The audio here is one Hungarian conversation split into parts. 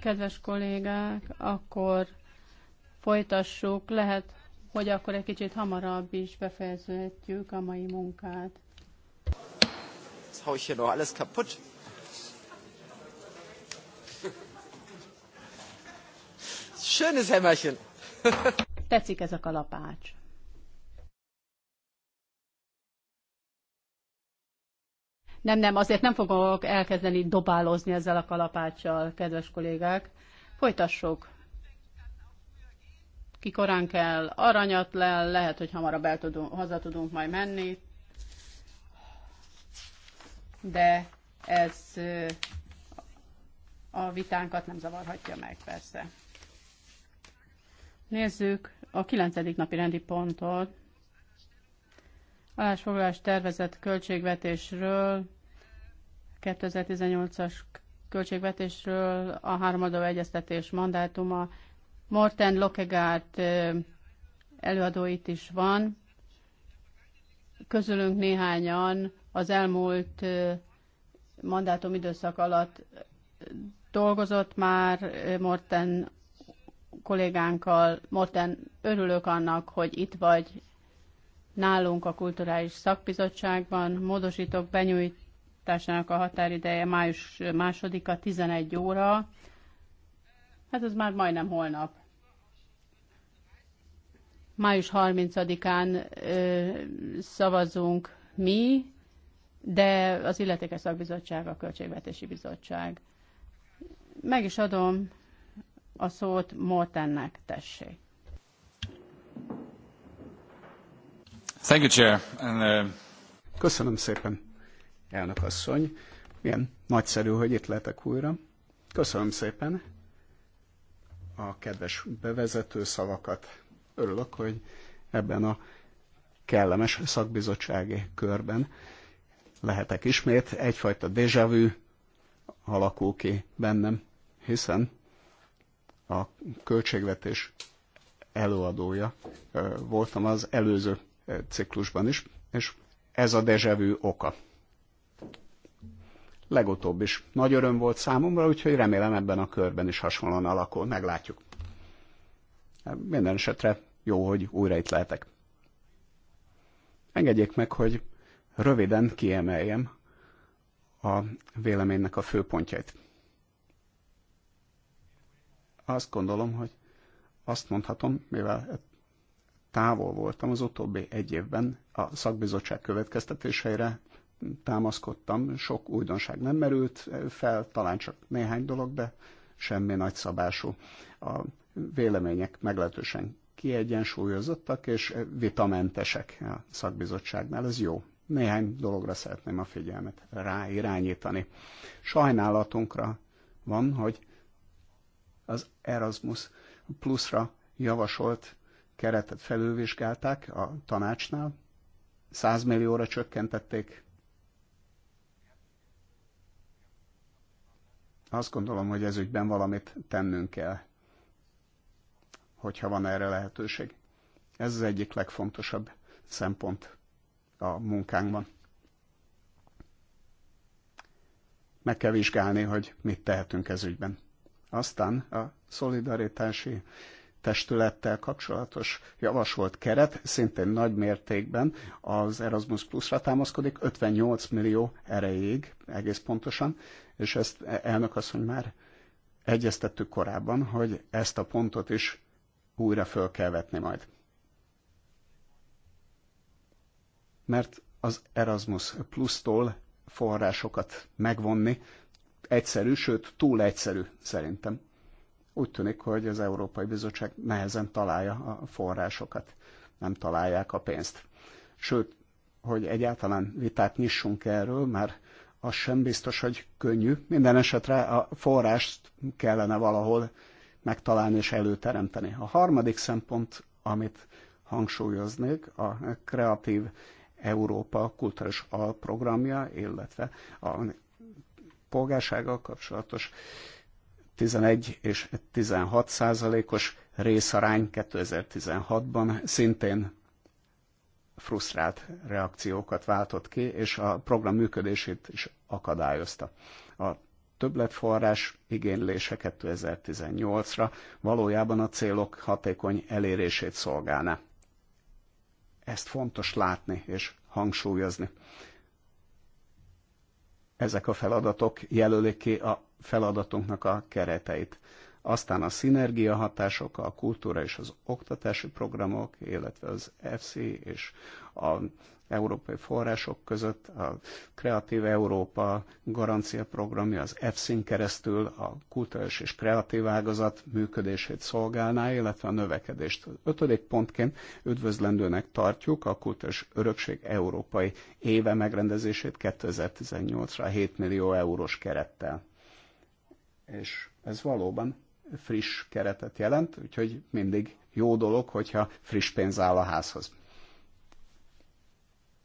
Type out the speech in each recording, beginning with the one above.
Kedves kollégák, akkor folytassuk. Lehet, hogy akkor egy kicsit hamarabb is befejezhetjük a mai munkát. Schönes Hämmerchen. Tetszik ez a kalapács. Nem, nem, azért nem fogok elkezdeni dobálózni ezzel a kalapáccsal, kedves kollégák. Folytassuk. Ki korán kell aranyat le, lehet, hogy hamarabb el tudunk, haza tudunk majd menni. De ez a vitánkat nem zavarhatja meg, persze. Nézzük a kilencedik napi rendi pontot. Állásfoglalás tervezett költségvetésről 2018-as költségvetésről a háromadó egyeztetés mandátuma. Morten Lokegárt előadó itt is van. Közülünk néhányan az elmúlt mandátum időszak alatt dolgozott már Morten kollégánkkal. Morten, örülök annak, hogy itt vagy nálunk a Kulturális Szakbizottságban. Módosítok, benyújt benyújtásának a határideje május másodika 11 óra. Hát ez már majdnem holnap. Május 30-án szavazunk mi, de az illetékes szakbizottság, a Költségvetési Bizottság. Meg is adom a szót Mortennek, tessék. Thank you, Chair. And, uh... Köszönöm szépen elnökasszony. Milyen nagyszerű, hogy itt lehetek újra. Köszönöm szépen a kedves bevezető szavakat. Örülök, hogy ebben a kellemes szakbizottsági körben lehetek ismét. Egyfajta déjà vu alakul ki bennem, hiszen a költségvetés előadója voltam az előző ciklusban is, és ez a déjà vu oka legutóbb is nagy öröm volt számomra, úgyhogy remélem ebben a körben is hasonlóan alakul, meglátjuk. Minden esetre jó, hogy újra itt lehetek. Engedjék meg, hogy röviden kiemeljem a véleménynek a főpontjait. Azt gondolom, hogy azt mondhatom, mivel távol voltam az utóbbi egy évben a szakbizottság következtetéseire, támaszkodtam, sok újdonság nem merült fel, talán csak néhány dolog, de semmi nagy szabású. A vélemények meglehetősen kiegyensúlyozottak és vitamentesek a szakbizottságnál, ez jó. Néhány dologra szeretném a figyelmet ráirányítani. Sajnálatunkra van, hogy az Erasmus pluszra javasolt keretet felülvizsgálták a tanácsnál, 100 millióra csökkentették Azt gondolom, hogy ez ügyben valamit tennünk kell, hogyha van erre lehetőség. Ez az egyik legfontosabb szempont a munkánkban. Meg kell vizsgálni, hogy mit tehetünk ez ügyben. Aztán a szolidaritási testülettel kapcsolatos javasolt keret szintén nagy mértékben az Erasmus Plus-ra támaszkodik, 58 millió erejéig egész pontosan, és ezt elnök asszony már egyeztettük korábban, hogy ezt a pontot is újra föl kell vetni majd. Mert az Erasmus Plus-tól forrásokat megvonni egyszerű, sőt túl egyszerű szerintem. Úgy tűnik, hogy az Európai Bizottság nehezen találja a forrásokat, nem találják a pénzt. Sőt, hogy egyáltalán vitát nyissunk erről, mert az sem biztos, hogy könnyű. Minden esetre a forrást kellene valahol megtalálni és előteremteni. A harmadik szempont, amit hangsúlyoznék, a kreatív Európa kulturális alprogramja, illetve a polgársággal kapcsolatos 11 és 16 százalékos részarány 2016-ban szintén frusztrált reakciókat váltott ki, és a program működését is akadályozta. A többletforrás igénylése 2018-ra valójában a célok hatékony elérését szolgálná. Ezt fontos látni és hangsúlyozni. Ezek a feladatok jelölik ki a feladatunknak a kereteit. Aztán a szinergia hatások, a kultúra és az oktatási programok, illetve az FC és a európai források között, a Kreatív Európa garancia programja az EFSIN keresztül a kulturális és kreatív ágazat működését szolgálná, illetve a növekedést. Ötödik pontként üdvözlendőnek tartjuk a kulturális örökség európai éve megrendezését 2018-ra 7 millió eurós kerettel és ez valóban friss keretet jelent, úgyhogy mindig jó dolog, hogyha friss pénz áll a házhoz.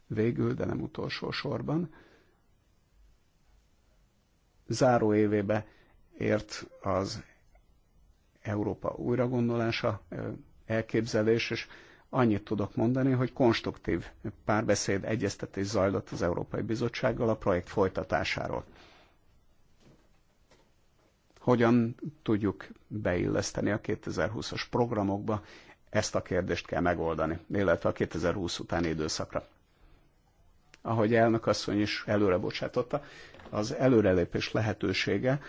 Végül, de nem utolsó sorban, záró évébe ért az Európa újragondolása elképzelés, és annyit tudok mondani, hogy konstruktív párbeszéd, egyeztetés zajlott az Európai Bizottsággal a projekt folytatásáról. Hogyan tudjuk beilleszteni a 2020-as programokba, ezt a kérdést kell megoldani, illetve a 2020 utáni időszakra. Ahogy elnök asszony is előre bocsátotta, az előrelépés lehetősége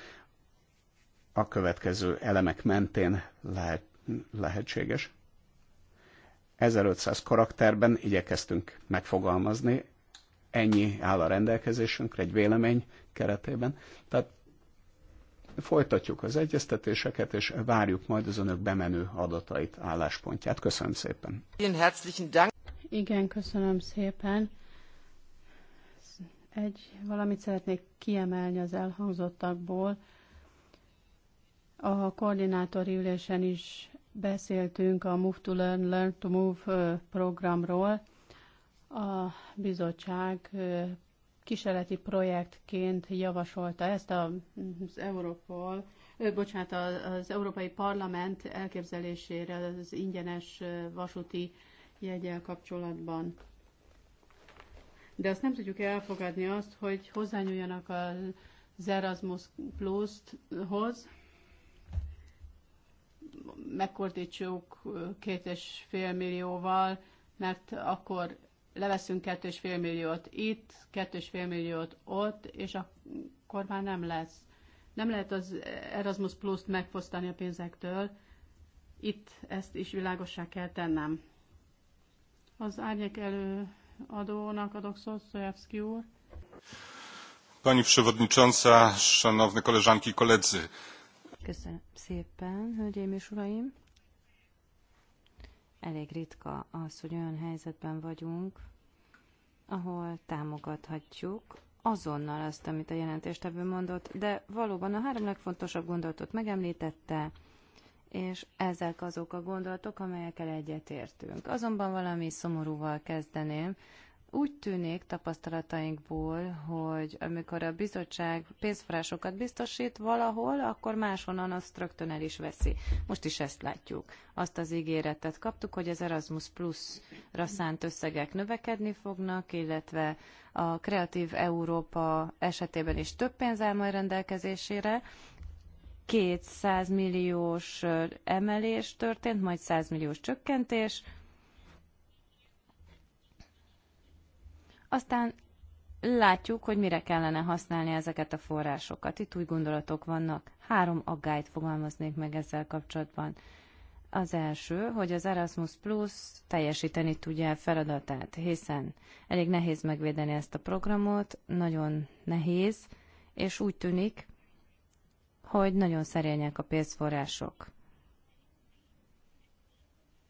a következő elemek mentén lehet, lehetséges. 1500 karakterben igyekeztünk megfogalmazni, ennyi áll a rendelkezésünkre egy vélemény keretében. Tehát folytatjuk az egyeztetéseket, és várjuk majd az önök bemenő adatait, álláspontját. Köszönöm szépen. Igen, köszönöm szépen. Egy valamit szeretnék kiemelni az elhangzottakból. A koordinátori ülésen is beszéltünk a Move to Learn, Learn to Move programról. A bizottság kísérleti projektként javasolta ezt az ő, bocsánat, az Európai Parlament elképzelésére az ingyenes vasúti jegyel kapcsolatban. De azt nem tudjuk elfogadni azt, hogy hozzányúljanak az Erasmus Plus-hoz, megkortítsuk két és fél millióval, mert akkor leveszünk 2,5 milliót itt, 2,5 milliót ott, és akkor már nem lesz. Nem lehet az Erasmus Plus-t megfosztani a pénzektől, itt ezt is világossá kell tennem. Az árnyék előadónak adok szót, Szojevszki úr. Pani Przewodnicząca, szanowne koleżanki i koledzy. Köszönöm szépen, hölgyeim és uraim elég ritka az, hogy olyan helyzetben vagyunk, ahol támogathatjuk azonnal azt, amit a jelentéstevő mondott, de valóban a három legfontosabb gondolatot megemlítette, és ezek azok a gondolatok, amelyekkel egyetértünk. Azonban valami szomorúval kezdeném, úgy tűnik tapasztalatainkból, hogy amikor a bizottság pénzforrásokat biztosít valahol, akkor máshonnan azt rögtön el is veszi. Most is ezt látjuk. Azt az ígéretet kaptuk, hogy az Erasmus Plus-ra szánt összegek növekedni fognak, illetve a Kreatív Európa esetében is több pénz áll majd rendelkezésére. 200 milliós emelés történt, majd 100 milliós csökkentés, Aztán látjuk, hogy mire kellene használni ezeket a forrásokat. Itt új gondolatok vannak. Három aggályt fogalmaznék meg ezzel kapcsolatban. Az első, hogy az Erasmus Plus teljesíteni tudja a feladatát, hiszen elég nehéz megvédeni ezt a programot, nagyon nehéz, és úgy tűnik, hogy nagyon szerények a pénzforrások.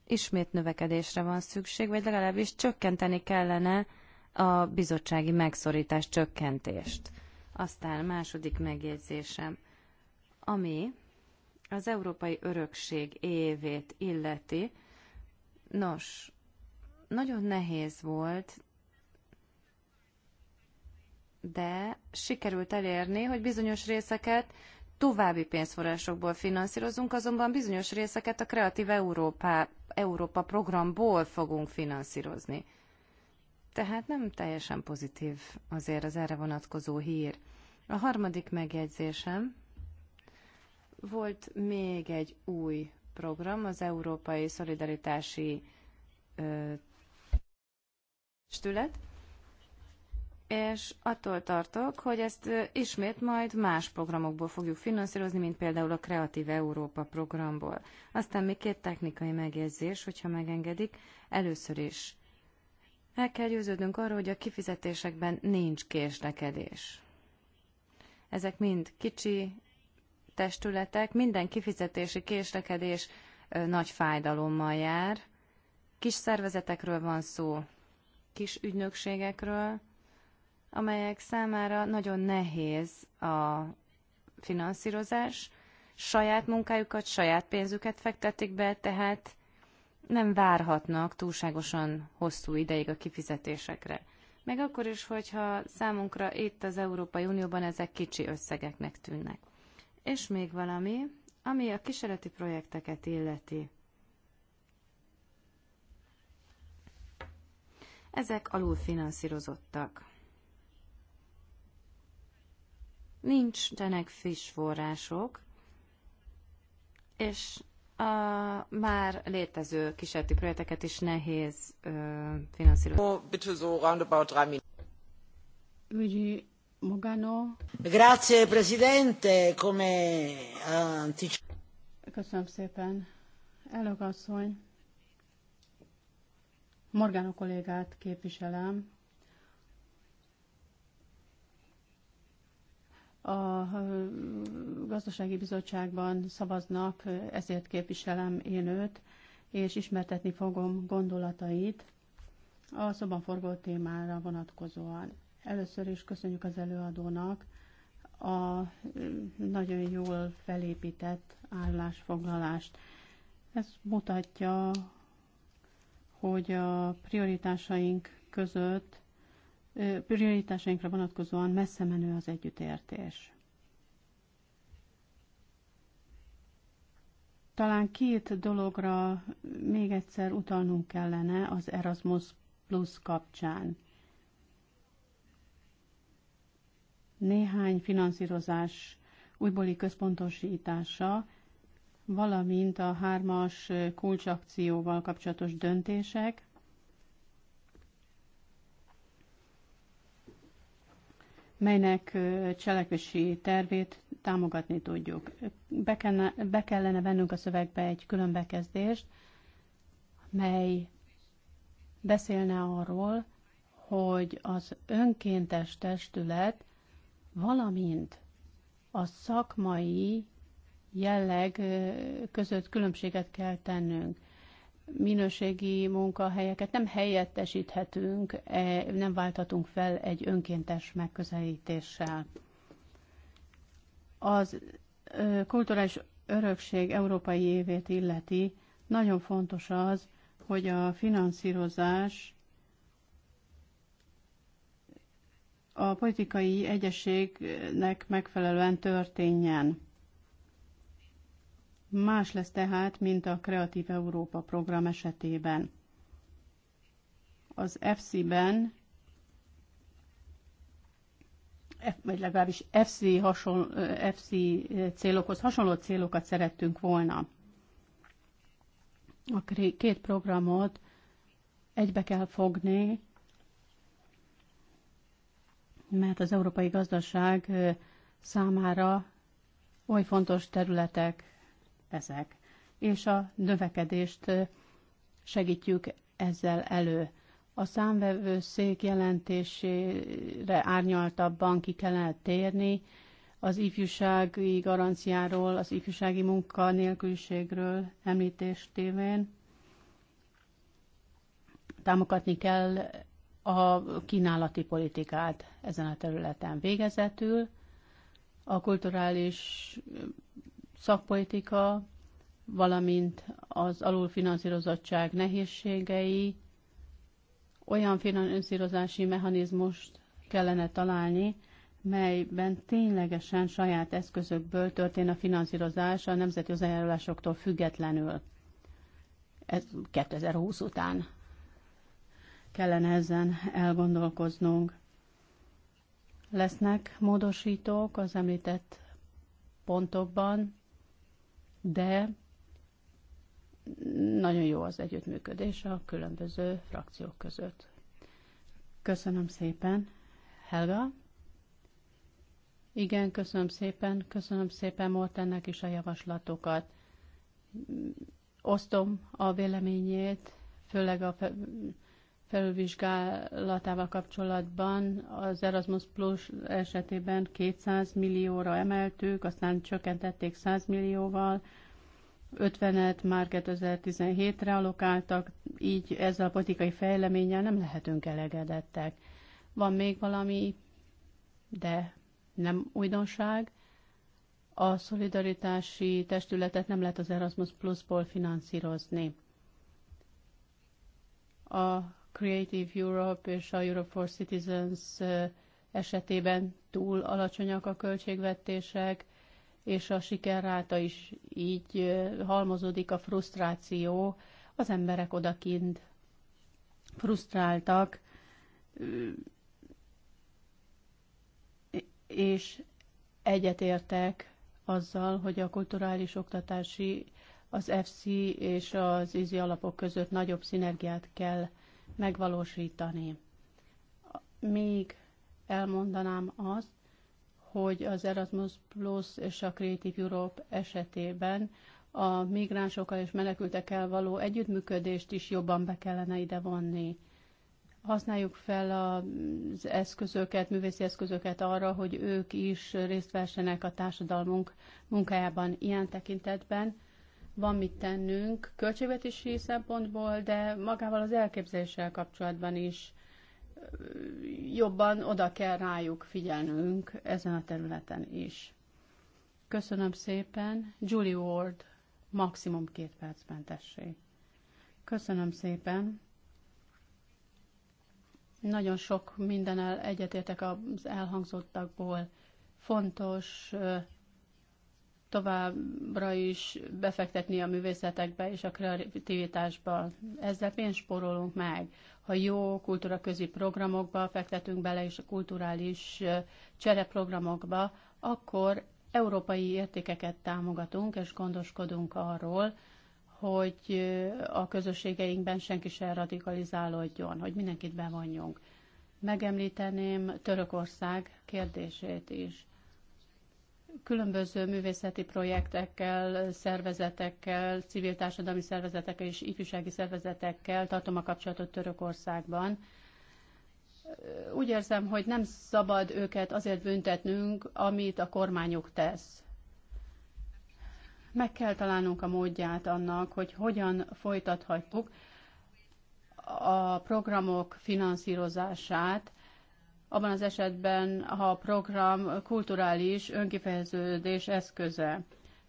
Ismét növekedésre van szükség, vagy legalábbis csökkenteni kellene a bizottsági megszorítás csökkentést. Aztán második megjegyzésem, ami az Európai Örökség évét illeti. Nos, nagyon nehéz volt, de sikerült elérni, hogy bizonyos részeket további pénzforrásokból finanszírozunk, azonban bizonyos részeket a Kreatív Európa, Európa programból fogunk finanszírozni. Tehát nem teljesen pozitív azért az erre vonatkozó hír. A harmadik megjegyzésem, volt még egy új program, az Európai Szolidaritási ö, Stület, és attól tartok, hogy ezt ismét majd más programokból fogjuk finanszírozni, mint például a Kreatív Európa programból. Aztán még két technikai megjegyzés, hogyha megengedik. Először is el kell győződnünk arról, hogy a kifizetésekben nincs késlekedés. Ezek mind kicsi testületek, minden kifizetési késlekedés nagy fájdalommal jár. Kis szervezetekről van szó, kis ügynökségekről, amelyek számára nagyon nehéz a finanszírozás, saját munkájukat, saját pénzüket fektetik be, tehát nem várhatnak túlságosan hosszú ideig a kifizetésekre. Meg akkor is, hogyha számunkra itt az Európai Unióban ezek kicsi összegeknek tűnnek. És még valami, ami a kísérleti projekteket illeti. Ezek alulfinanszírozottak. Nincsenek friss források, és a már létező kísérleti projekteket is nehéz ö, finanszírozni. Oh, bitte so roundabout Rami. Luigi Mogano. Grazie, Presidente, come eh, anticipato. Köszönöm szépen. Elnök asszony, Morgano kollégát képviselem, a gazdasági bizottságban szavaznak, ezért képviselem én őt, és ismertetni fogom gondolatait a szobanforgó témára vonatkozóan. Először is köszönjük az előadónak a nagyon jól felépített állásfoglalást. Ez mutatja, hogy a prioritásaink között prioritásainkra vonatkozóan messze menő az együttértés. Talán két dologra még egyszer utalnunk kellene az Erasmus Plus kapcsán. Néhány finanszírozás újbóli központosítása, valamint a hármas kulcsakcióval kapcsolatos döntések, melynek cselekvési tervét támogatni tudjuk. Be kellene, be kellene vennünk a szövegbe egy külön bekezdést, mely beszélne arról, hogy az önkéntes testület, valamint a szakmai jelleg között különbséget kell tennünk minőségi munkahelyeket nem helyettesíthetünk, e, nem válthatunk fel egy önkéntes megközelítéssel. Az kulturális örökség európai évét illeti, nagyon fontos az, hogy a finanszírozás a politikai egyességnek megfelelően történjen. Más lesz tehát, mint a Kreatív Európa program esetében. Az FC-ben, vagy legalábbis FC, hasonló, FC célokhoz hasonló célokat szerettünk volna. A két programot egybe kell fogni, mert az európai gazdaság számára oly fontos területek ezek, és a növekedést segítjük ezzel elő. A számvevőszék jelentésére árnyaltabban ki kellene térni, az ifjúsági garanciáról, az ifjúsági nélküliségről említést tévén. Támogatni kell a kínálati politikát ezen a területen végezetül. A kulturális szakpolitika, valamint az alulfinanszírozottság nehézségei, olyan finanszírozási mechanizmust kellene találni, melyben ténylegesen saját eszközökből történ a finanszírozás a nemzeti hozzájárulásoktól függetlenül. Ez 2020 után kellene ezen elgondolkoznunk. Lesznek módosítók az említett pontokban, de nagyon jó az együttműködés a különböző frakciók között. Köszönöm szépen. Helga? Igen, köszönöm szépen. Köszönöm szépen Mortennek is a javaslatokat. Osztom a véleményét, főleg a felülvizsgálatával kapcsolatban az Erasmus Plus esetében 200 millióra emeltük, aztán csökkentették 100 millióval, 50-et már 2017-re alokáltak, így ezzel a politikai fejleménnyel nem lehetünk elegedettek. Van még valami, de nem újdonság. A szolidaritási testületet nem lehet az Erasmus Plus-ból finanszírozni. A Creative Europe és a Europe for Citizens esetében túl alacsonyak a költségvetések, és a sikerráta is így halmozódik a frusztráció, az emberek odakint frusztráltak, és egyetértek azzal, hogy a kulturális oktatási, az FC és az ízi alapok között nagyobb szinergiát kell megvalósítani. Még elmondanám azt, hogy az Erasmus Plus és a Creative Europe esetében a migránsokkal és menekültekkel való együttműködést is jobban be kellene ide vonni. Használjuk fel az eszközöket, művészi eszközöket arra, hogy ők is részt vessenek a társadalmunk munkájában ilyen tekintetben van mit tennünk költségvetési szempontból, de magával az elképzeléssel kapcsolatban is jobban oda kell rájuk figyelnünk ezen a területen is. Köszönöm szépen. Julie Ward, maximum két percben tessék. Köszönöm szépen. Nagyon sok mindennel egyetértek az elhangzottakból. Fontos továbbra is befektetni a művészetekbe és a kreativitásba. Ezzel pénzt spórolunk meg. Ha jó kultúraközi programokba fektetünk bele, és a kulturális csereprogramokba, akkor európai értékeket támogatunk, és gondoskodunk arról, hogy a közösségeinkben senki se radikalizálódjon, hogy mindenkit bevonjunk. Megemlíteném Törökország kérdését is különböző művészeti projektekkel, szervezetekkel, civil társadalmi szervezetekkel és ifjúsági szervezetekkel tartom a kapcsolatot Törökországban. Úgy érzem, hogy nem szabad őket azért büntetnünk, amit a kormányuk tesz. Meg kell találnunk a módját annak, hogy hogyan folytathatjuk a programok finanszírozását, abban az esetben, ha a program kulturális önkifejeződés eszköze.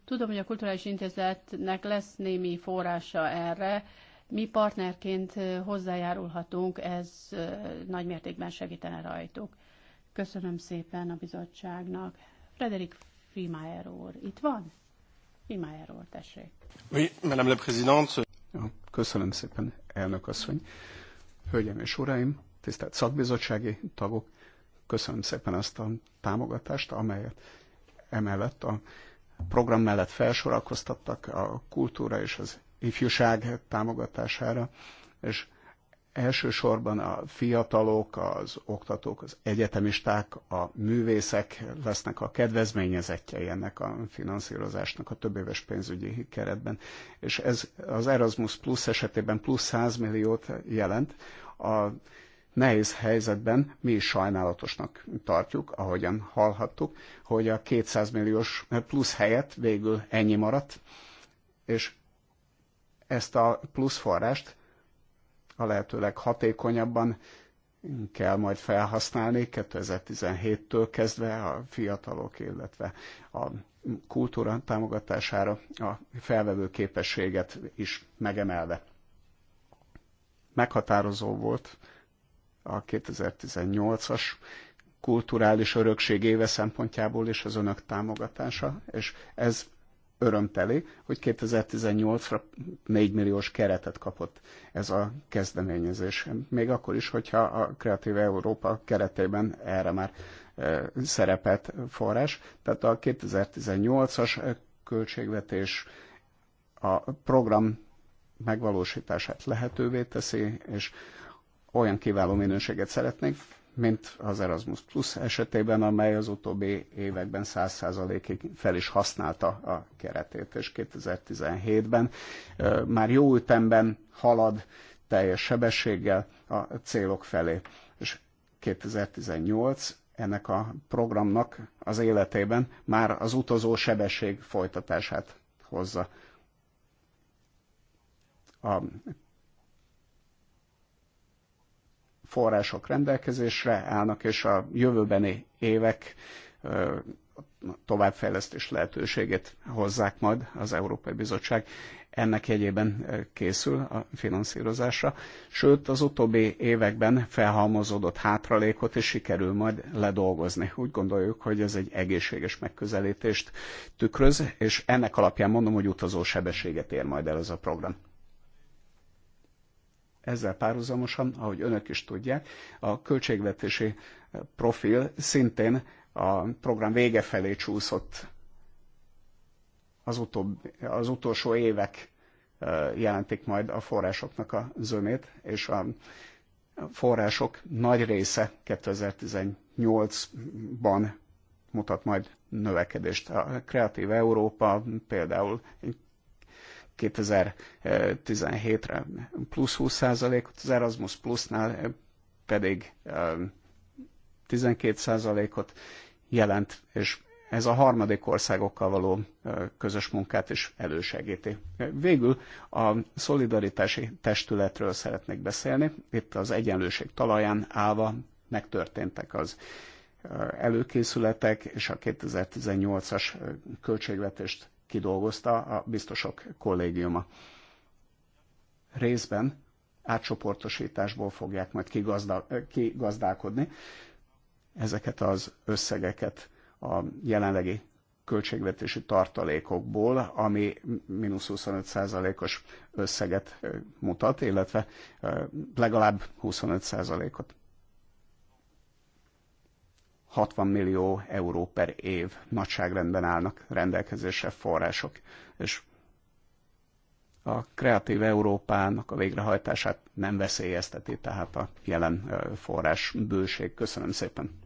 Tudom, hogy a Kulturális Intézetnek lesz némi forrása erre, mi partnerként hozzájárulhatunk, ez nagy mértékben segítene rajtuk. Köszönöm szépen a bizottságnak. Frederik Frimayer úr, itt van? Frimayer úr, tessék. Oui, madame la présidente. Köszönöm szépen, elnök asszony. Hölgyeim és uraim, tisztelt szakbizottsági tagok, köszönöm szépen ezt a támogatást, amelyet emellett a program mellett felsorakoztattak a kultúra és az ifjúság támogatására, és elsősorban a fiatalok, az oktatók, az egyetemisták, a művészek lesznek a kedvezményezettjei ennek a finanszírozásnak a többéves pénzügyi keretben. És ez az Erasmus Plus esetében plusz 100 milliót jelent. A nehéz helyzetben mi is sajnálatosnak tartjuk, ahogyan hallhattuk, hogy a 200 milliós plusz helyett végül ennyi maradt, és ezt a plusz forrást a lehető leghatékonyabban kell majd felhasználni 2017-től kezdve a fiatalok, illetve a kultúra támogatására a felvevő képességet is megemelve. Meghatározó volt a 2018-as kulturális örökség éve szempontjából is az önök támogatása, és ez örömteli, hogy 2018-ra 4 milliós keretet kapott ez a kezdeményezés. Még akkor is, hogyha a Kreatív Európa keretében erre már e, szerepet forrás. Tehát a 2018-as költségvetés a program megvalósítását lehetővé teszi, és olyan kiváló minőséget szeretnénk, mint az Erasmus Plus esetében, amely az utóbbi években 100%-ig fel is használta a keretét, és 2017-ben már jó ütemben halad teljes sebességgel a célok felé. És 2018 ennek a programnak az életében már az utazó sebesség folytatását hozza. A források rendelkezésre állnak, és a jövőbeni évek továbbfejlesztés lehetőségét hozzák majd az Európai Bizottság. Ennek jegyében készül a finanszírozásra, sőt az utóbbi években felhalmozódott hátralékot is sikerül majd ledolgozni. Úgy gondoljuk, hogy ez egy egészséges megközelítést tükröz, és ennek alapján mondom, hogy utazó sebességet ér majd el ez a program. Ezzel párhuzamosan, ahogy önök is tudják, a költségvetési profil szintén a program vége felé csúszott az, utóbb, az utolsó évek jelentik majd a forrásoknak a zömét, és a források nagy része 2018-ban mutat majd növekedést. A Kreatív Európa például 2017-re plusz 20%-ot, az Erasmus plusznál pedig 12%-ot jelent, és ez a harmadik országokkal való közös munkát is elősegíti. Végül a szolidaritási testületről szeretnék beszélni. Itt az egyenlőség talaján állva megtörténtek az előkészületek, és a 2018-as költségvetést kidolgozta a biztosok kollégiuma. Részben átcsoportosításból fogják majd kigazdálkodni ezeket az összegeket a jelenlegi költségvetési tartalékokból, ami mínusz 25%-os összeget mutat, illetve legalább 25%-ot. 60 millió euró per év nagyságrendben állnak rendelkezésre források, és a kreatív Európának a végrehajtását nem veszélyezteti, tehát a jelen forrás bőség. Köszönöm szépen.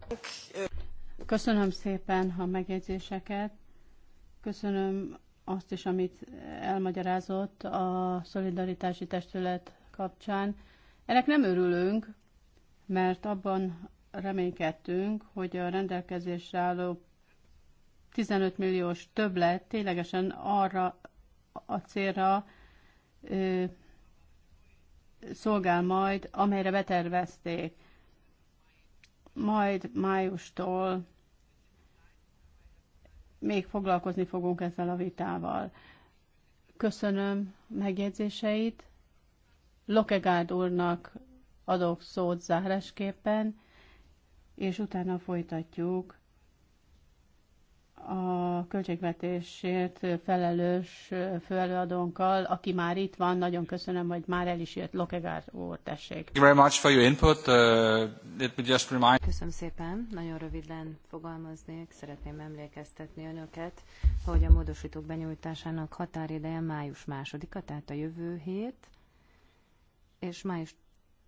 Köszönöm szépen a megjegyzéseket. Köszönöm azt is, amit elmagyarázott a szolidaritási testület kapcsán. Ennek nem örülünk, mert abban reménykedtünk, hogy a rendelkezésre álló 15 milliós többlet ténylegesen arra a célra ö, szolgál majd, amelyre betervezték. Majd májustól még foglalkozni fogunk ezzel a vitával. Köszönöm megjegyzéseit. Lokegárd úrnak adok szót zárásképpen, és utána folytatjuk a költségvetésért felelős főelőadónkkal, aki már itt van, nagyon köszönöm, hogy már el is jött, Lokegár úr, tessék. Uh, köszönöm szépen, nagyon röviden fogalmaznék, szeretném emlékeztetni önöket, hogy a módosítók benyújtásának határideje május másodika, tehát a jövő hét, és május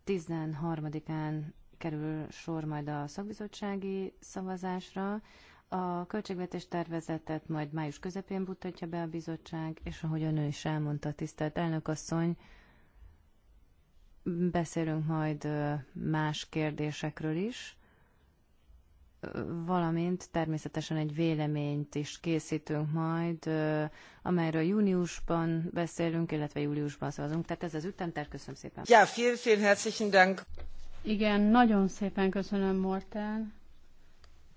13-án kerül sor majd a szakbizottsági szavazásra. A költségvetés tervezetet majd május közepén mutatja be a bizottság, és ahogy a is elmondta, tisztelt elnökasszony, beszélünk majd más kérdésekről is, valamint természetesen egy véleményt is készítünk majd, amelyről júniusban beszélünk, illetve júliusban szavazunk. Tehát ez az ütemterv. Köszönöm szépen. Ja, vielen, vielen herzlichen Dank. Igen, nagyon szépen köszönöm, Morten.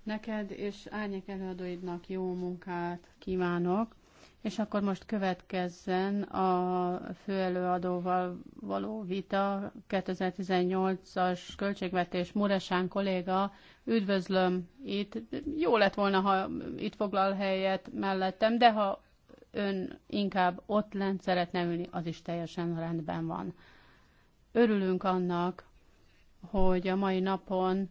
Neked és árnyék előadóidnak jó munkát kívánok. És akkor most következzen a főelőadóval való vita, 2018-as költségvetés Muresán kolléga, üdvözlöm itt. Jó lett volna, ha itt foglal helyet mellettem, de ha ön inkább ott lent szeretne ülni, az is teljesen rendben van. Örülünk annak, hogy a mai napon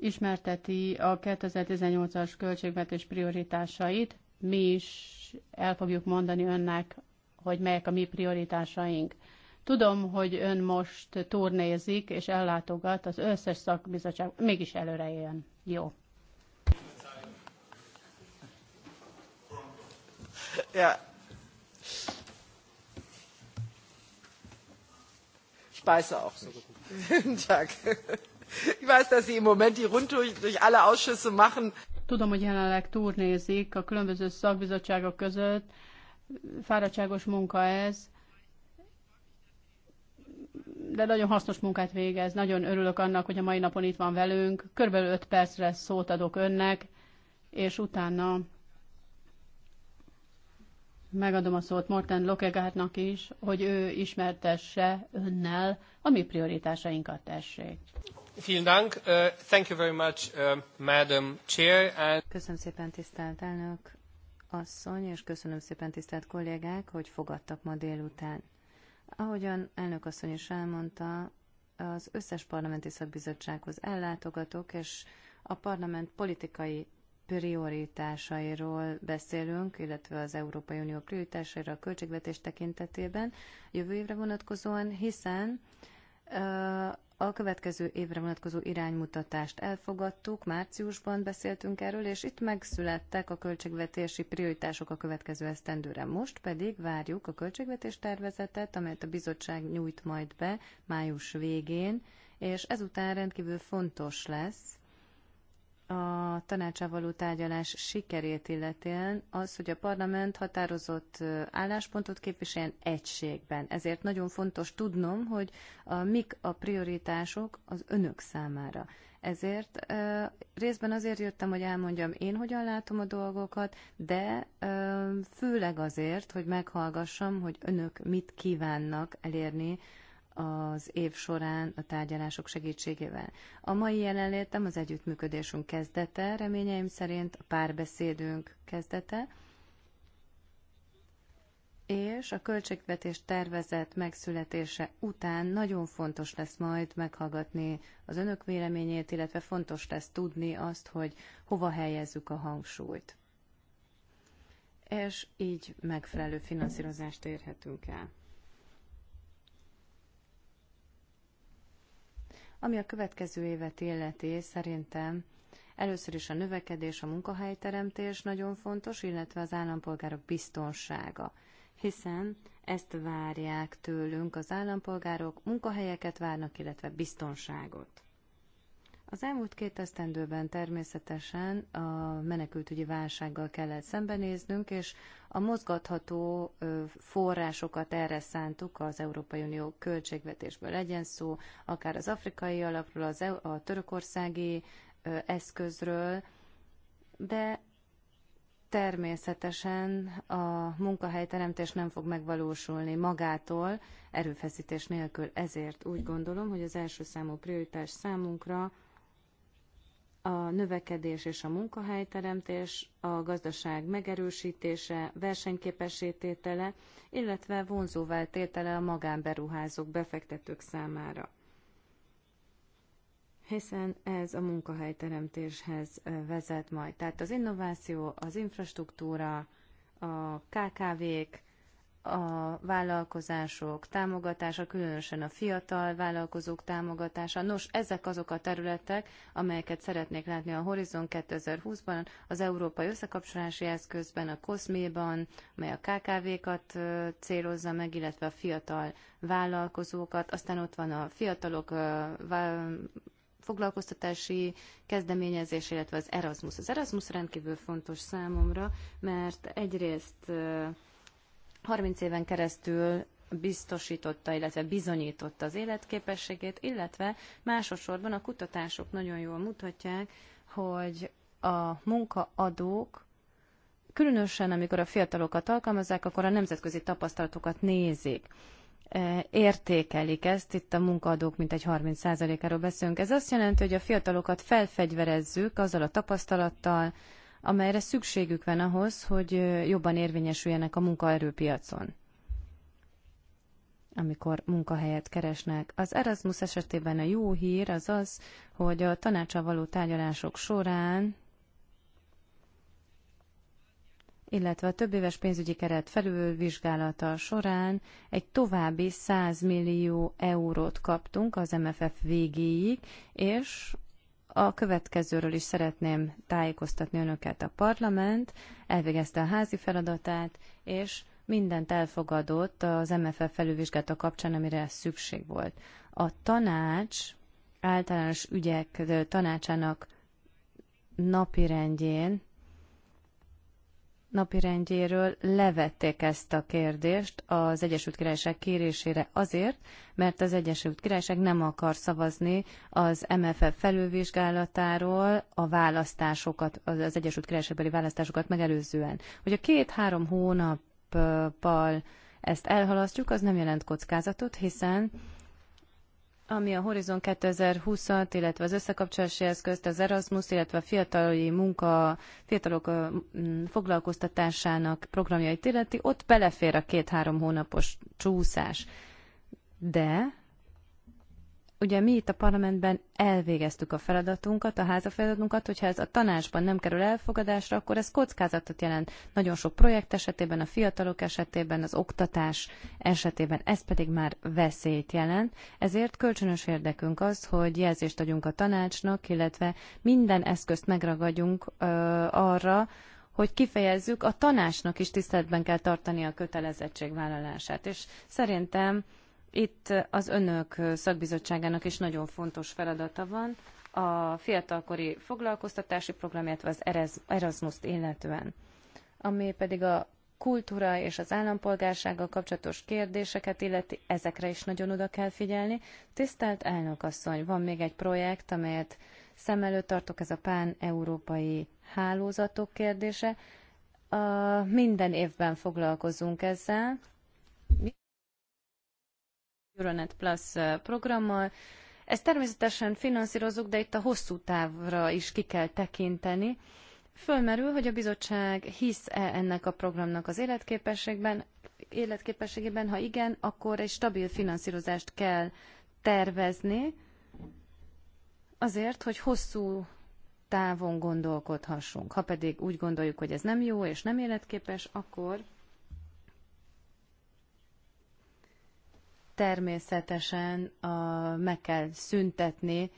ismerteti a 2018-as költségvetés prioritásait. Mi is el fogjuk mondani önnek, hogy melyek a mi prioritásaink. Tudom, hogy ön most turnézik és ellátogat az összes szakbizottság, mégis előre jön. Jó. Yeah. Speise auch gut. Ich weiß, dass Sie im Moment die durch alle Ausschüsse machen. Tudom, hogy jelenleg túrnézik a különböző szakbizottságok között. Fáradtságos munka ez, de nagyon hasznos munkát végez. Nagyon örülök annak, hogy a mai napon itt van velünk. Körülbelül 5 percre szót adok önnek, és utána Megadom a szót Morten Lokegárnak is, hogy ő ismertesse önnel a mi prioritásainkat tessék. Köszönöm szépen, tisztelt elnök asszony, és köszönöm szépen, tisztelt kollégák, hogy fogadtak ma délután. Ahogyan elnök asszony is elmondta, az összes parlamenti szakbizottsághoz ellátogatok, és a parlament politikai prioritásairól beszélünk, illetve az Európai Unió prioritásaira a költségvetés tekintetében jövő évre vonatkozóan, hiszen a következő évre vonatkozó iránymutatást elfogadtuk, márciusban beszéltünk erről, és itt megszülettek a költségvetési prioritások a következő esztendőre. Most pedig várjuk a költségvetés tervezetet, amelyet a bizottság nyújt majd be május végén, és ezután rendkívül fontos lesz, a tanácsa való tárgyalás sikerét illetően az, hogy a parlament határozott álláspontot képviseljen egységben. Ezért nagyon fontos tudnom, hogy a, mik a prioritások az önök számára. Ezért e, részben azért jöttem, hogy elmondjam én, hogyan látom a dolgokat, de e, főleg azért, hogy meghallgassam, hogy önök mit kívánnak elérni az év során a tárgyalások segítségével. A mai jelenlétem az együttműködésünk kezdete, reményeim szerint a párbeszédünk kezdete, és a költségvetés tervezet megszületése után nagyon fontos lesz majd meghallgatni az önök véleményét, illetve fontos lesz tudni azt, hogy hova helyezzük a hangsúlyt. És így megfelelő finanszírozást érhetünk el. Ami a következő évet illeti, szerintem először is a növekedés, a munkahelyteremtés nagyon fontos, illetve az állampolgárok biztonsága, hiszen ezt várják tőlünk az állampolgárok, munkahelyeket várnak, illetve biztonságot. Az elmúlt két esztendőben természetesen a menekültügyi válsággal kellett szembenéznünk, és a mozgatható forrásokat erre szántuk az Európai Unió költségvetésből legyen szó, akár az afrikai alapról, az, e- a törökországi eszközről, de természetesen a munkahelyteremtés nem fog megvalósulni magától, erőfeszítés nélkül. Ezért úgy gondolom, hogy az első számú prioritás számunkra a növekedés és a munkahelyteremtés, a gazdaság megerősítése, versenyképesítétele, illetve vonzóvá tétele a magánberuházók, befektetők számára. Hiszen ez a munkahelyteremtéshez vezet majd. Tehát az innováció, az infrastruktúra, a KKV-k, a vállalkozások támogatása, különösen a fiatal vállalkozók támogatása. Nos, ezek azok a területek, amelyeket szeretnék látni a Horizon 2020-ban, az Európai Összekapcsolási Eszközben, a COSME-ban, a KKV-kat célozza meg, illetve a fiatal vállalkozókat. Aztán ott van a fiatalok foglalkoztatási kezdeményezés, illetve az Erasmus. Az Erasmus rendkívül fontos számomra, mert egyrészt 30 éven keresztül biztosította, illetve bizonyította az életképességét, illetve másosorban a kutatások nagyon jól mutatják, hogy a munkaadók különösen amikor a fiatalokat alkalmazzák, akkor a nemzetközi tapasztalatokat nézik e, értékelik ezt, itt a munkaadók mintegy 30%-áról beszélünk. Ez azt jelenti, hogy a fiatalokat felfegyverezzük azzal a tapasztalattal, amelyre szükségük van ahhoz, hogy jobban érvényesüljenek a munkaerőpiacon amikor munkahelyet keresnek. Az Erasmus esetében a jó hír az az, hogy a tanácsa való tárgyalások során, illetve a több éves pénzügyi keret felülvizsgálata során egy további 100 millió eurót kaptunk az MFF végéig, és a következőről is szeretném tájékoztatni önöket. A parlament elvégezte a házi feladatát, és mindent elfogadott az MFF felülvizsgálata kapcsán, amire szükség volt. A tanács általános ügyek tanácsának napirendjén napirendjéről levették ezt a kérdést az Egyesült Királyság kérésére azért, mert az Egyesült Királyság nem akar szavazni az MFF felülvizsgálatáról a választásokat, az Egyesült Királyságbeli választásokat megelőzően. Hogy a két-három hónappal ezt elhalasztjuk, az nem jelent kockázatot, hiszen ami a Horizon 2020-at, illetve az összekapcsolási eszközt, az Erasmus, illetve a fiatalai munka, fiatalok mm, foglalkoztatásának programjait illeti, ott belefér a két-három hónapos csúszás. De ugye mi itt a parlamentben elvégeztük a feladatunkat, a háza feladatunkat, hogyha ez a tanácsban nem kerül elfogadásra, akkor ez kockázatot jelent. Nagyon sok projekt esetében, a fiatalok esetében, az oktatás esetében, ez pedig már veszélyt jelent. Ezért kölcsönös érdekünk az, hogy jelzést adjunk a tanácsnak, illetve minden eszközt megragadjunk ö, arra, hogy kifejezzük, a tanácsnak is tiszteletben kell tartani a kötelezettségvállalását. És szerintem itt az önök szakbizottságának is nagyon fontos feladata van a fiatalkori foglalkoztatási program, illetve az Erasmus-t illetően, ami pedig a kultúra és az állampolgársággal kapcsolatos kérdéseket illeti, ezekre is nagyon oda kell figyelni. Tisztelt elnökasszony, van még egy projekt, amelyet szem előtt tartok, ez a pán-európai hálózatok kérdése. A, minden évben foglalkozunk ezzel, Euronet Plus programmal. Ezt természetesen finanszírozunk, de itt a hosszú távra is ki kell tekinteni. Fölmerül, hogy a bizottság hisz-e ennek a programnak az életképességben, életképességében, ha igen, akkor egy stabil finanszírozást kell tervezni, azért, hogy hosszú távon gondolkodhassunk. Ha pedig úgy gondoljuk, hogy ez nem jó és nem életképes, akkor természetesen a, meg kell szüntetni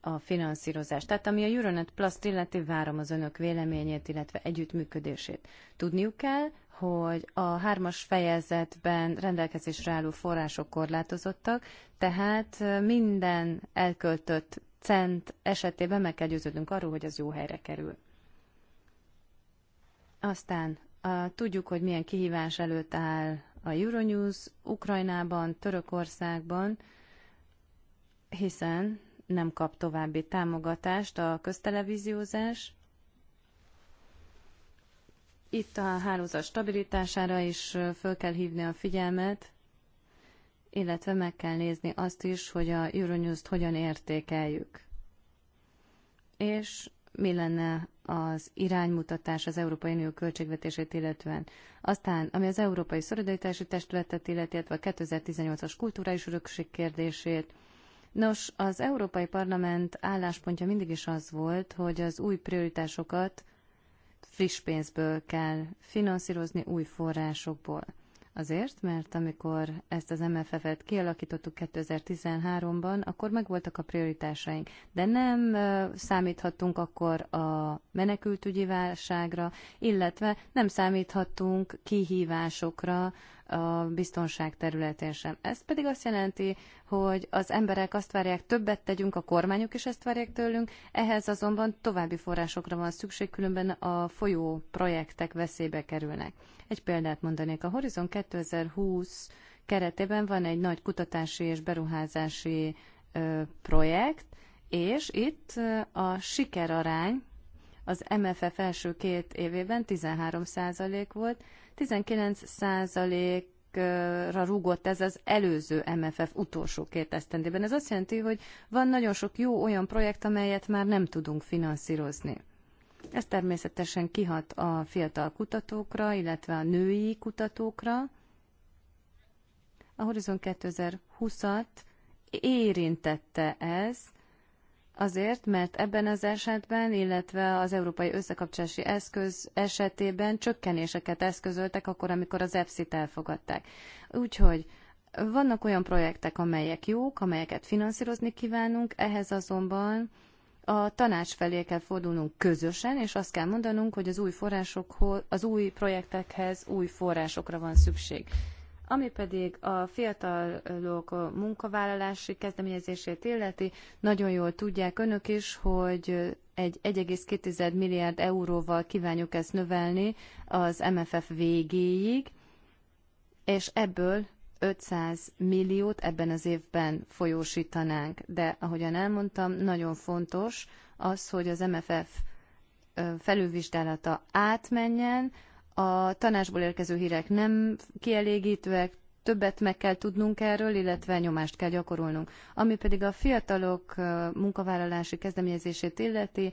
a finanszírozást. Tehát ami a Euronet Plus-t illeti, várom az önök véleményét, illetve együttműködését. Tudniuk kell, hogy a hármas fejezetben rendelkezésre álló források korlátozottak, tehát minden elköltött cent esetében meg kell győződnünk arról, hogy az jó helyre kerül. Aztán a, tudjuk, hogy milyen kihívás előtt áll a Euronews Ukrajnában, Törökországban, hiszen nem kap további támogatást a köztelevíziózás. Itt a hálózat stabilitására is föl kell hívni a figyelmet, illetve meg kell nézni azt is, hogy a Euronews-t hogyan értékeljük. És mi lenne az iránymutatás az Európai Unió költségvetését illetően. Aztán, ami az Európai Szolidaritási Testületet illeti, illetve a 2018-as kulturális örökség kérdését. Nos, az Európai Parlament álláspontja mindig is az volt, hogy az új prioritásokat friss pénzből kell finanszírozni új forrásokból. Azért, mert amikor ezt az MFF-et kialakítottuk 2013-ban, akkor megvoltak a prioritásaink. De nem számíthattunk akkor a menekültügyi válságra, illetve nem számíthattunk kihívásokra a biztonság területén sem. Ez pedig azt jelenti, hogy az emberek azt várják, többet tegyünk, a kormányok is ezt várják tőlünk, ehhez azonban további forrásokra van szükség, különben a folyó projektek veszélybe kerülnek. Egy példát mondanék, a Horizon 2020 keretében van egy nagy kutatási és beruházási projekt, és itt a sikerarány az MFF első két évében 13% volt, 19%-ra rúgott ez az előző MFF utolsó két esztendében. Ez azt jelenti, hogy van nagyon sok jó olyan projekt, amelyet már nem tudunk finanszírozni. Ez természetesen kihat a fiatal kutatókra, illetve a női kutatókra. A Horizon 2020-at érintette ez, Azért, mert ebben az esetben, illetve az európai összekapcsolási eszköz esetében csökkenéseket eszközöltek akkor, amikor az epsz t elfogadták. Úgyhogy vannak olyan projektek, amelyek jók, amelyeket finanszírozni kívánunk, ehhez azonban a tanács felé kell fordulnunk közösen, és azt kell mondanunk, hogy az új, forrásokhoz, az új projektekhez új forrásokra van szükség. Ami pedig a fiatalok munkavállalási kezdeményezését illeti, nagyon jól tudják önök is, hogy egy 1,2 milliárd euróval kívánjuk ezt növelni az MFF végéig, és ebből 500 milliót ebben az évben folyósítanánk. De ahogyan elmondtam, nagyon fontos az, hogy az MFF felülvizsgálata átmenjen, a tanácsból érkező hírek nem kielégítőek, többet meg kell tudnunk erről, illetve nyomást kell gyakorolnunk. Ami pedig a fiatalok munkavállalási kezdeményezését illeti,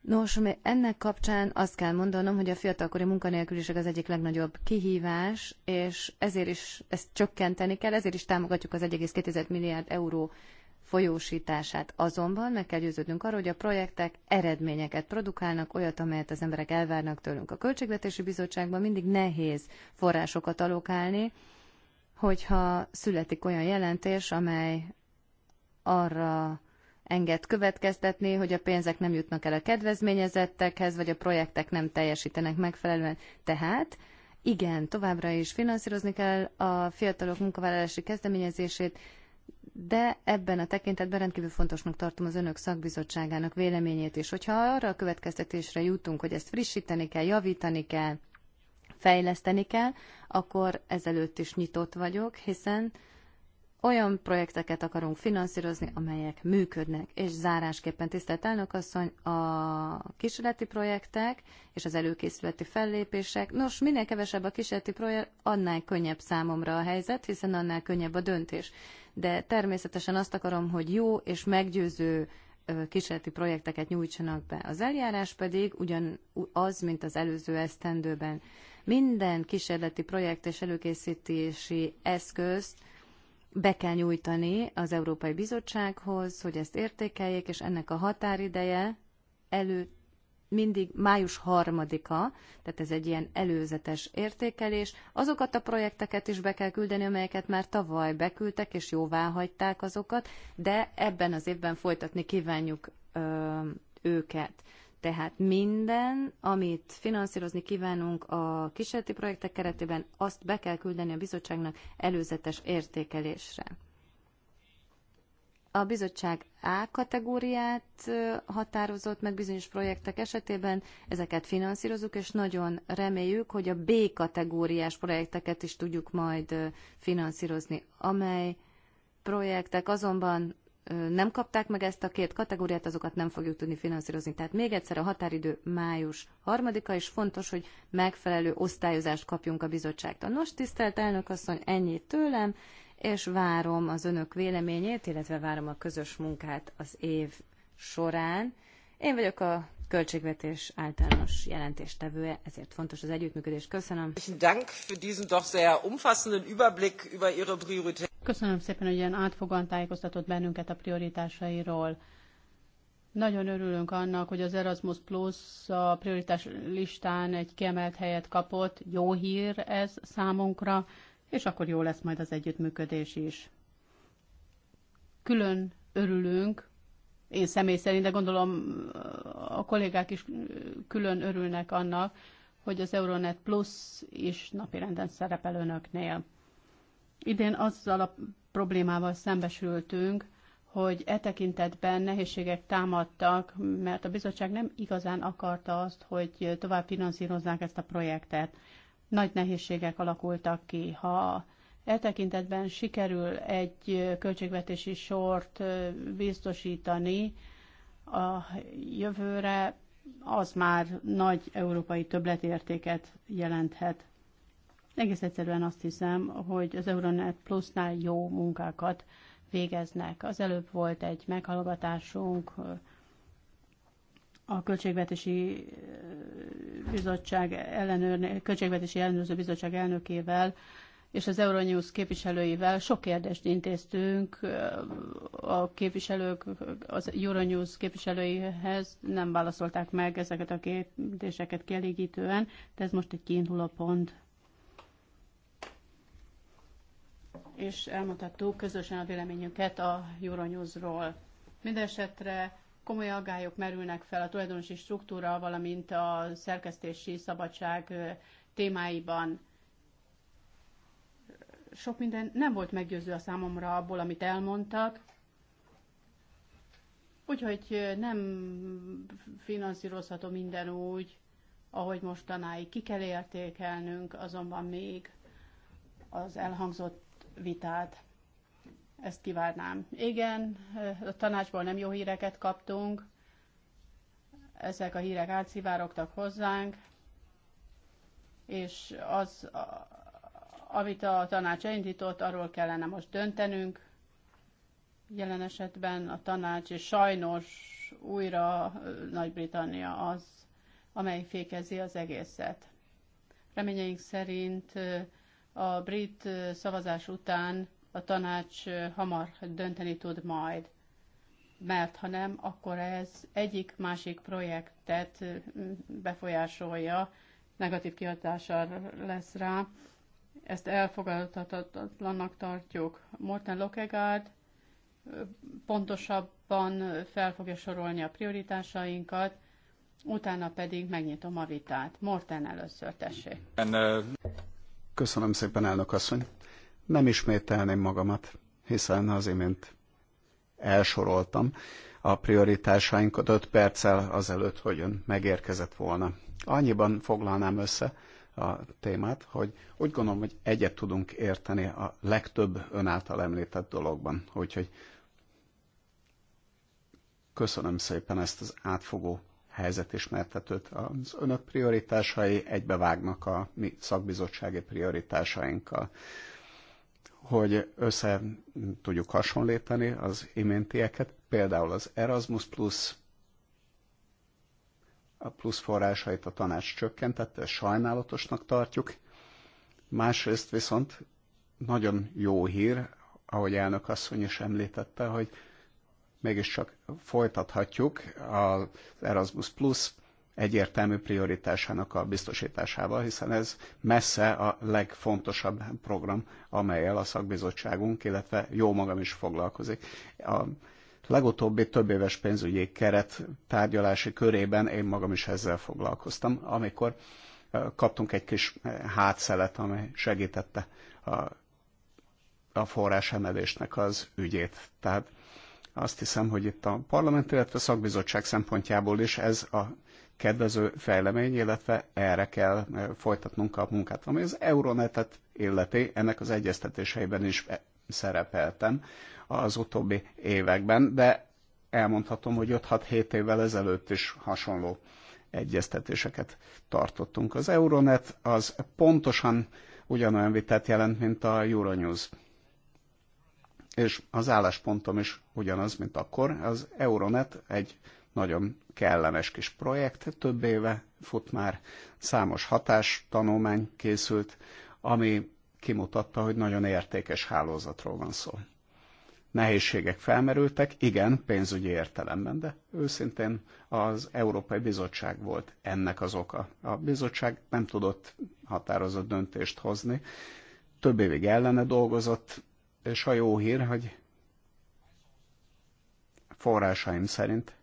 Nos, ennek kapcsán azt kell mondanom, hogy a fiatalkori munkanélküliség az egyik legnagyobb kihívás, és ezért is ezt csökkenteni kell, ezért is támogatjuk az 1,2 milliárd euró folyósítását. Azonban meg kell győződnünk arról, hogy a projektek eredményeket produkálnak, olyat, amelyet az emberek elvárnak tőlünk. A Költségvetési Bizottságban mindig nehéz forrásokat alokálni, hogyha születik olyan jelentés, amely arra enged következtetni, hogy a pénzek nem jutnak el a kedvezményezettekhez, vagy a projektek nem teljesítenek megfelelően. Tehát igen, továbbra is finanszírozni kell a fiatalok munkavállalási kezdeményezését, de ebben a tekintetben rendkívül fontosnak tartom az önök szakbizottságának véleményét is. Hogyha arra a következtetésre jutunk, hogy ezt frissíteni kell, javítani kell, fejleszteni kell, akkor ezelőtt is nyitott vagyok, hiszen olyan projekteket akarunk finanszírozni, amelyek működnek. És zárásképpen, tisztelt asszony, a kísérleti projektek és az előkészületi fellépések, nos, minél kevesebb a kísérleti projekt, annál könnyebb számomra a helyzet, hiszen annál könnyebb a döntés. De természetesen azt akarom, hogy jó és meggyőző kísérleti projekteket nyújtsanak be. Az eljárás pedig ugyan az, mint az előző esztendőben. Minden kísérleti projekt és előkészítési eszközt be kell nyújtani az Európai Bizottsághoz, hogy ezt értékeljék, és ennek a határideje elő mindig május harmadika, tehát ez egy ilyen előzetes értékelés. Azokat a projekteket is be kell küldeni, amelyeket már tavaly beküldtek, és jóvá hagyták azokat, de ebben az évben folytatni kívánjuk ö, őket. Tehát minden, amit finanszírozni kívánunk a kísérleti projektek keretében, azt be kell küldeni a bizottságnak előzetes értékelésre. A bizottság A kategóriát határozott meg bizonyos projektek esetében, ezeket finanszírozunk, és nagyon reméljük, hogy a B kategóriás projekteket is tudjuk majd finanszírozni, amely projektek azonban nem kapták meg ezt a két kategóriát, azokat nem fogjuk tudni finanszírozni. Tehát még egyszer a határidő május harmadika, és fontos, hogy megfelelő osztályozást kapjunk a bizottságtól. Nos, tisztelt elnök asszony, ennyit tőlem, és várom az önök véleményét, illetve várom a közös munkát az év során. Én vagyok a költségvetés általános jelentéstevője, ezért fontos az együttműködés. Köszönöm. Dank für diesen doch sehr umfassenden Überblick über Ihre Köszönöm szépen, hogy ilyen átfogan tájékoztatott bennünket a prioritásairól. Nagyon örülünk annak, hogy az Erasmus Plus a prioritás listán egy kiemelt helyet kapott. Jó hír ez számunkra, és akkor jó lesz majd az együttműködés is. Külön örülünk, én személy szerint, de gondolom a kollégák is külön örülnek annak, hogy az Euronet Plus is napirenden szerepel önöknél. Idén azzal a problémával szembesültünk, hogy e tekintetben nehézségek támadtak, mert a bizottság nem igazán akarta azt, hogy tovább finanszírozzák ezt a projektet. Nagy nehézségek alakultak ki. Ha e tekintetben sikerül egy költségvetési sort biztosítani a jövőre, az már nagy európai többletértéket jelenthet. Egész egyszerűen azt hiszem, hogy az Euronet Plusnál jó munkákat végeznek. Az előbb volt egy meghallgatásunk a Költségvetési Bizottság ellenőr, Költségvetési Ellenőrző Bizottság elnökével, és az Euronews képviselőivel sok kérdést intéztünk a képviselők, az Euronews képviselőihez nem válaszolták meg ezeket a kérdéseket kielégítően, de ez most egy kiinduló pont és elmondhattuk közösen a véleményünket a Euronews-ról. Mindenesetre komoly aggályok merülnek fel a tulajdonosi struktúra, valamint a szerkesztési szabadság témáiban. Sok minden nem volt meggyőző a számomra abból, amit elmondtak, úgyhogy nem finanszírozható minden úgy, ahogy mostanáig ki kell értékelnünk, azonban még az elhangzott vitát. Ezt kívánnám. Igen, a tanácsból nem jó híreket kaptunk, ezek a hírek átszivárogtak hozzánk, és az, amit a tanács elindított, arról kellene most döntenünk. Jelen esetben a tanács, és sajnos újra Nagy-Britannia az, amely fékezi az egészet. Reményeink szerint a brit szavazás után a tanács hamar dönteni tud majd, mert ha nem, akkor ez egyik-másik projektet befolyásolja, negatív kihatással lesz rá. Ezt elfogadhatatlannak tartjuk. Morten Lokegaard pontosabban fel fogja sorolni a prioritásainkat, utána pedig megnyitom a vitát. Morten először, tessék. Köszönöm szépen, elnök asszony. Nem ismételném magamat, hiszen az imént elsoroltam a prioritásainkat 5 perccel azelőtt, hogy ön megérkezett volna. Annyiban foglalnám össze a témát, hogy úgy gondolom, hogy egyet tudunk érteni a legtöbb ön által említett dologban. Úgyhogy köszönöm szépen ezt az átfogó helyzetismertetőt. Az önök prioritásai egybevágnak a mi szakbizottsági prioritásainkkal hogy össze tudjuk hasonlítani az iméntieket, például az Erasmus Plus a plusz forrásait a tanács csökkentette, sajnálatosnak tartjuk. Másrészt viszont nagyon jó hír, ahogy elnök asszony is említette, hogy mégiscsak folytathatjuk az Erasmus Plus egyértelmű prioritásának a biztosításával, hiszen ez messze a legfontosabb program, amelyel a szakbizottságunk, illetve jó magam is foglalkozik. A legutóbbi több éves pénzügyi keret tárgyalási körében én magam is ezzel foglalkoztam, amikor kaptunk egy kis hátszelet, amely segítette a, a forrásemelésnek az ügyét. Tehát azt hiszem, hogy itt a parlament, illetve a szakbizottság szempontjából is ez a kedvező fejlemény, illetve erre kell folytatnunk a munkát. Ami az Euronetet illeti, ennek az egyeztetéseiben is e, szerepeltem az utóbbi években, de elmondhatom, hogy 5-6-7 évvel ezelőtt is hasonló egyeztetéseket tartottunk. Az Euronet az pontosan ugyanolyan vitát jelent, mint a Euronews és az álláspontom is ugyanaz, mint akkor. Az Euronet egy nagyon kellemes kis projekt, több éve fut már, számos hatástanulmány készült, ami kimutatta, hogy nagyon értékes hálózatról van szó. Nehézségek felmerültek, igen, pénzügyi értelemben, de őszintén az Európai Bizottság volt ennek az oka. A bizottság nem tudott határozott döntést hozni, több évig ellene dolgozott, és a jó hír, hogy forrásaim szerint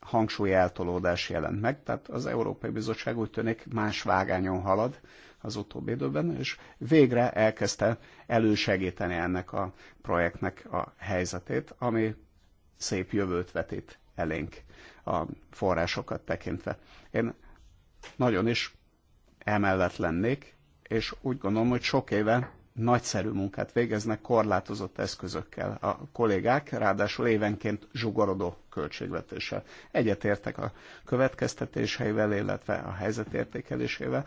hangsúly eltolódás jelent meg, tehát az Európai Bizottság úgy tűnik más vágányon halad az utóbbi időben, és végre elkezdte elősegíteni ennek a projektnek a helyzetét, ami szép jövőt vetít elénk a forrásokat tekintve. Én nagyon is emellett lennék, és úgy gondolom, hogy sok éve nagyszerű munkát végeznek korlátozott eszközökkel a kollégák, ráadásul évenként zsugorodó költségvetéssel. Egyetértek a következtetéseivel, illetve a helyzetértékelésével.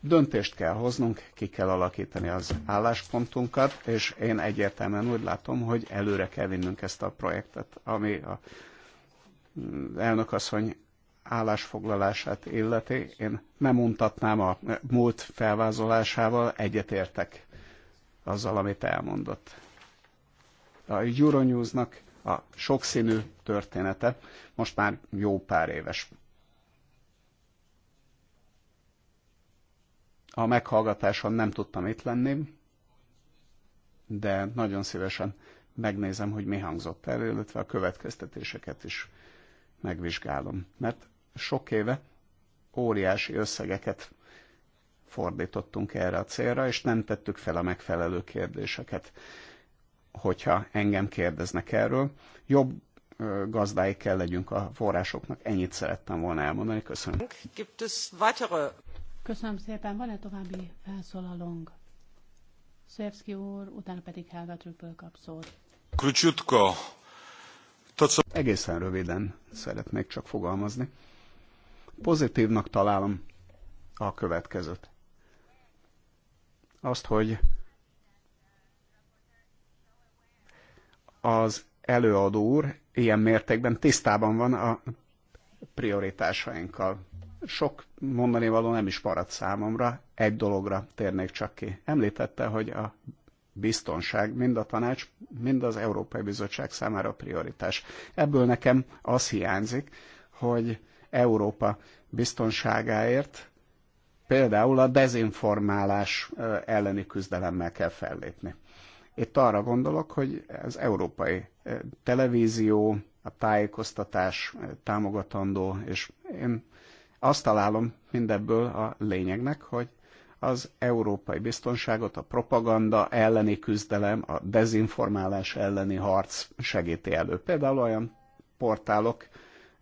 Döntést kell hoznunk, ki kell alakítani az álláspontunkat, és én egyértelműen úgy látom, hogy előre kell vinnünk ezt a projektet, ami a mm, elnökasszony állásfoglalását illeti. Én nem untatnám a múlt felvázolásával, egyetértek azzal, amit elmondott. A Euronewsnak a sokszínű története most már jó pár éves. A meghallgatáson nem tudtam itt lenni, de nagyon szívesen megnézem, hogy mi hangzott el, illetve a következtetéseket is megvizsgálom. Mert sok éve óriási összegeket fordítottunk erre a célra, és nem tettük fel a megfelelő kérdéseket. Hogyha engem kérdeznek erről, jobb gazdái kell legyünk a forrásoknak. Ennyit szerettem volna elmondani. Köszönöm. Köszönöm szépen. Van-e további felszólalónk? Szevszki úr, utána pedig Helga Trüppel kap szót. Krucsutko. Egészen röviden szeretnék csak fogalmazni. Pozitívnak találom a következőt azt, hogy az előadó úr ilyen mértékben tisztában van a prioritásainkkal. Sok mondani való nem is maradt számomra, egy dologra térnék csak ki. Említette, hogy a biztonság mind a tanács, mind az Európai Bizottság számára prioritás. Ebből nekem az hiányzik, hogy Európa biztonságáért Például a dezinformálás elleni küzdelemmel kell fellépni. Itt arra gondolok, hogy az európai televízió, a tájékoztatás támogatandó, és én azt találom mindebből a lényegnek, hogy az európai biztonságot a propaganda elleni küzdelem, a dezinformálás elleni harc segíti elő. Például olyan portálok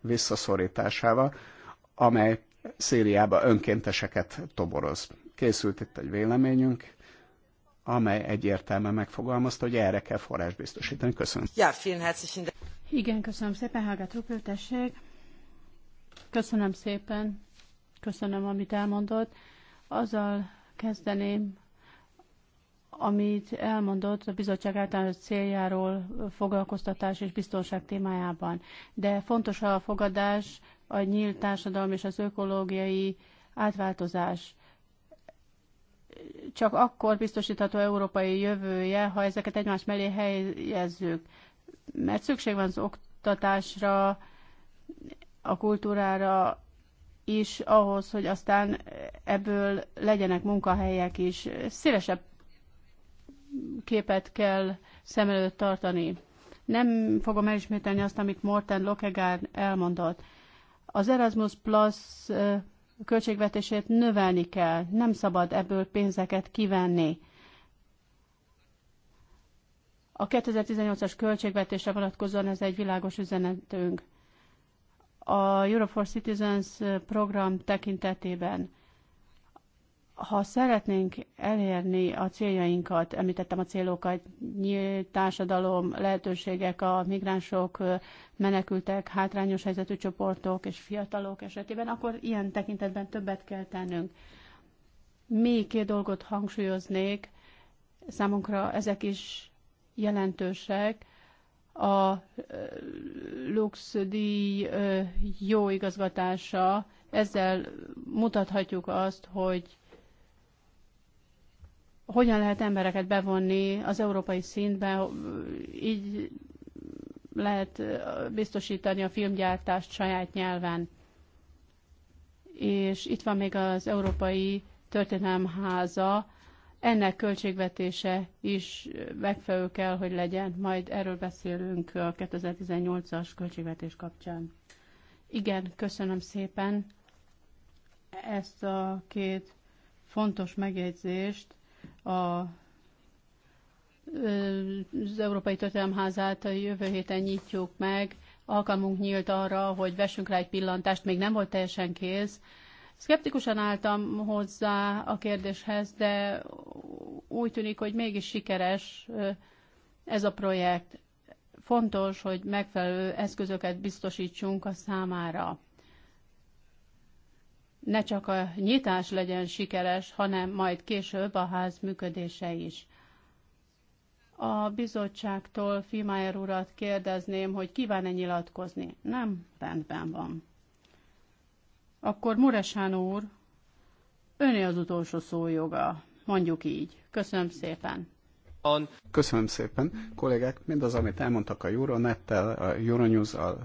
visszaszorításával, amely Szíriába önkénteseket toboroz. Készült itt egy véleményünk, amely egyértelműen megfogalmazta, hogy erre kell forrás biztosítani. Köszönöm. Ja, vielen herzlichen Igen, köszönöm szépen, hallgató Trupl, Köszönöm szépen, köszönöm, amit elmondott. Azzal kezdeném, amit elmondott a bizottság általános céljáról foglalkoztatás és biztonság témájában. De fontos a fogadás, a nyílt társadalom és az ökológiai átváltozás. Csak akkor biztosítható európai jövője, ha ezeket egymás mellé helyezzük. Mert szükség van az oktatásra, a kultúrára is ahhoz, hogy aztán ebből legyenek munkahelyek is. Szélesebb képet kell szem előtt tartani. Nem fogom elismételni azt, amit Morten Lokegár elmondott. Az Erasmus Plus költségvetését növelni kell, nem szabad ebből pénzeket kivenni. A 2018-as költségvetésre vonatkozóan ez egy világos üzenetünk. A Europe for Citizens program tekintetében ha szeretnénk elérni a céljainkat, említettem a célokat, nyílt társadalom, lehetőségek a migránsok, menekültek, hátrányos helyzetű csoportok és fiatalok esetében, akkor ilyen tekintetben többet kell tennünk. Még két dolgot hangsúlyoznék, számunkra ezek is jelentősek. A luxdíj jó igazgatása, ezzel mutathatjuk azt, hogy hogyan lehet embereket bevonni az európai szintbe, így lehet biztosítani a filmgyártást saját nyelven. És itt van még az Európai Történelemháza, ennek költségvetése is megfelelő kell, hogy legyen. Majd erről beszélünk a 2018-as költségvetés kapcsán. Igen, köszönöm szépen ezt a két fontos megjegyzést a az Európai Történelemházát a jövő héten nyitjuk meg. Alkalmunk nyílt arra, hogy vessünk rá egy pillantást, még nem volt teljesen kész. Szkeptikusan álltam hozzá a kérdéshez, de úgy tűnik, hogy mégis sikeres ez a projekt. Fontos, hogy megfelelő eszközöket biztosítsunk a számára ne csak a nyitás legyen sikeres, hanem majd később a ház működése is. A bizottságtól Fimájer urat kérdezném, hogy kíván-e nyilatkozni. Nem? Rendben van. Akkor Muresán úr, öné az utolsó szójoga, mondjuk így. Köszönöm szépen. Köszönöm szépen, kollégák, mindaz, amit elmondtak a Euronettel, a Euronews, a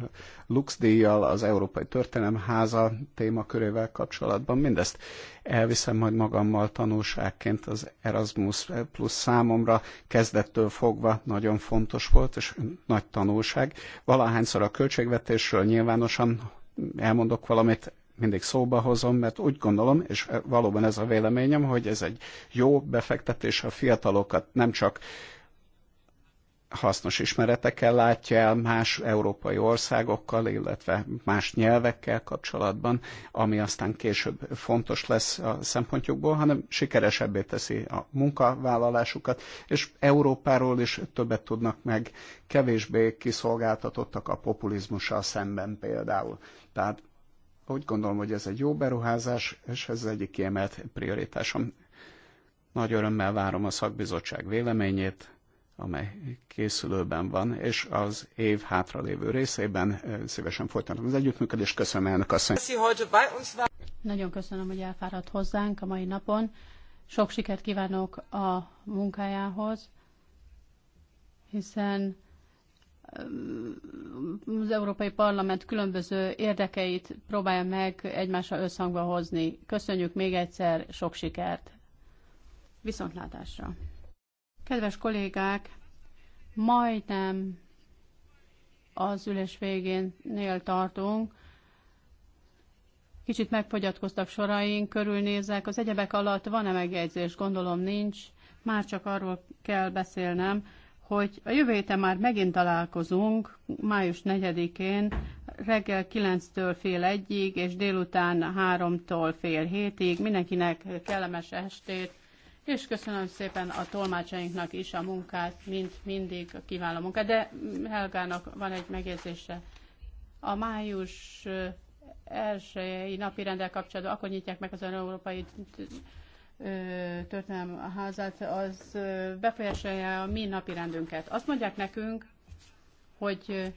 Lux díjjal, az Európai Történelemháza témakörével kapcsolatban, mindezt elviszem majd magammal tanulságként az Erasmus Plus számomra kezdettől fogva nagyon fontos volt, és nagy tanulság. Valahányszor a költségvetésről nyilvánosan elmondok valamit, mindig szóba hozom, mert úgy gondolom, és valóban ez a véleményem, hogy ez egy jó befektetés a fiatalokat, nem csak hasznos ismeretekkel látja el más európai országokkal, illetve más nyelvekkel kapcsolatban, ami aztán később fontos lesz a szempontjukból, hanem sikeresebbé teszi a munkavállalásukat, és Európáról is többet tudnak meg, kevésbé kiszolgáltatottak a populizmussal szemben például. Tehát úgy gondolom, hogy ez egy jó beruházás, és ez az egyik kiemelt prioritásom. Nagy örömmel várom a szakbizottság véleményét, amely készülőben van, és az év hátralévő részében szívesen folytatom az együttműködést. Köszönöm, elnök asszony! Nagyon köszönöm, hogy elfáradt hozzánk a mai napon. Sok sikert kívánok a munkájához, hiszen az Európai Parlament különböző érdekeit próbálja meg egymással összhangba hozni. Köszönjük még egyszer, sok sikert! Viszontlátásra! Kedves kollégák, majdnem az ülés végénél tartunk. Kicsit megfogyatkoztak soraink, körülnézek. Az egyebek alatt van-e megjegyzés? Gondolom nincs. Már csak arról kell beszélnem, hogy a jövő héten már megint találkozunk, május 4-én reggel 9-től fél egyig, és délután 3-tól fél 7-ig. Mindenkinek kellemes estét, és köszönöm szépen a tolmácsainknak is a munkát, mint mindig a kiváló munkát. De Helgának van egy megjegyzése. A május elsői napi rendel kapcsolatban akkor nyitják meg az Európai történelmi házát, az befolyásolja a mi napi rendünket. Azt mondják nekünk, hogy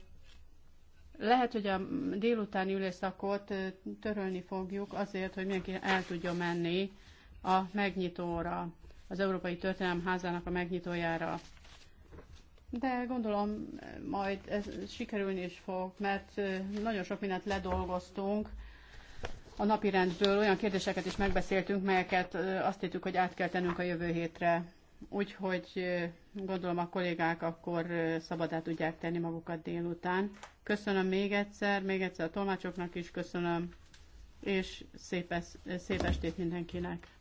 lehet, hogy a délutáni ülésszakot törölni fogjuk azért, hogy mindenki el tudja menni a megnyitóra, az Európai Történelmi Házának a megnyitójára. De gondolom, majd ez sikerülni is fog, mert nagyon sok mindent ledolgoztunk, a napirendből olyan kérdéseket is megbeszéltünk, melyeket azt hittük, hogy át kell tennünk a jövő hétre. Úgyhogy gondolom a kollégák akkor szabadát tudják tenni magukat délután. Köszönöm még egyszer, még egyszer a tolmácsoknak is köszönöm, és szép, szép estét mindenkinek!